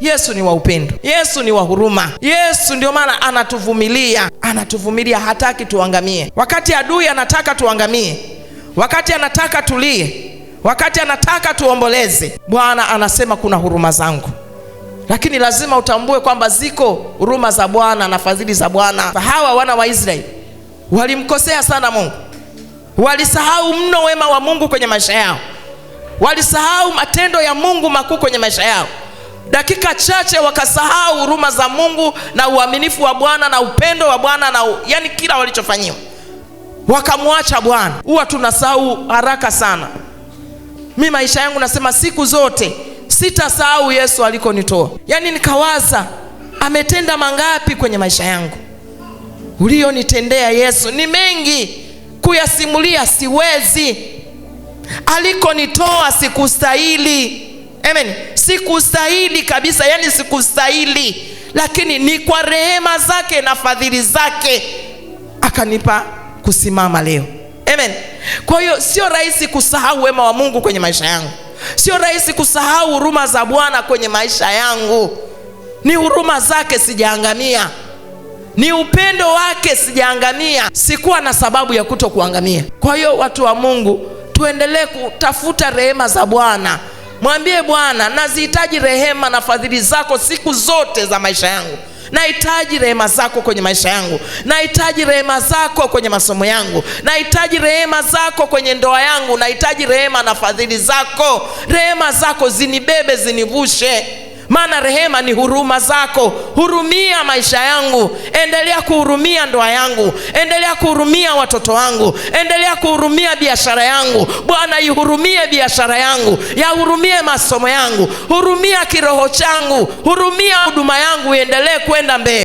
Yesu ni wa upendo, Yesu ni wa huruma, Yesu ndio maana anatuvumilia, anatuvumilia, hataki tuangamie. Wakati adui anataka tuangamie, wakati anataka tulie, wakati anataka tuomboleze, Bwana anasema kuna huruma zangu lakini lazima utambue kwamba ziko huruma za Bwana na fadhili za Bwana. Hawa wana wa Israeli walimkosea sana Mungu, walisahau mno wema wa Mungu kwenye maisha yao, walisahau matendo ya Mungu makuu kwenye maisha yao. Dakika chache wakasahau huruma za Mungu na uaminifu wa Bwana na upendo wa Bwana na u... yani kila walichofanyiwa wakamwacha Bwana. Huwa tunasahau haraka sana. Mi maisha yangu nasema siku zote sitasahau Yesu alikonitoa, yani nikawaza ametenda mangapi kwenye maisha yangu. Ulionitendea Yesu ni mengi, kuyasimulia siwezi. Alikonitoa sikustahili Amen. Sikustahili kabisa, yani sikustahili, lakini ni kwa rehema zake na fadhili zake akanipa kusimama leo. Amen. Kwa hiyo sio rahisi kusahau wema wa Mungu kwenye maisha yangu, sio rahisi kusahau huruma za Bwana kwenye maisha yangu. Ni huruma zake sijaangamia, ni upendo wake sijaangamia, sikuwa na sababu ya kuto kuangamia. Kwa hiyo watu wa Mungu, tuendelee kutafuta rehema za Bwana. Mwambie Bwana, nazihitaji rehema na fadhili zako siku zote za maisha yangu. Nahitaji rehema zako kwenye maisha yangu, nahitaji rehema zako kwenye masomo yangu, nahitaji rehema zako kwenye ndoa yangu, nahitaji rehema na fadhili zako. Rehema zako zinibebe, zinivushe maana rehema ni huruma zako. Hurumia maisha yangu, endelea kuhurumia ndoa yangu, endelea kuhurumia watoto wangu, endelea kuhurumia biashara yangu. Bwana, ihurumie biashara yangu, yahurumie masomo yangu, hurumia kiroho changu, hurumia huduma yangu iendelee kwenda mbele.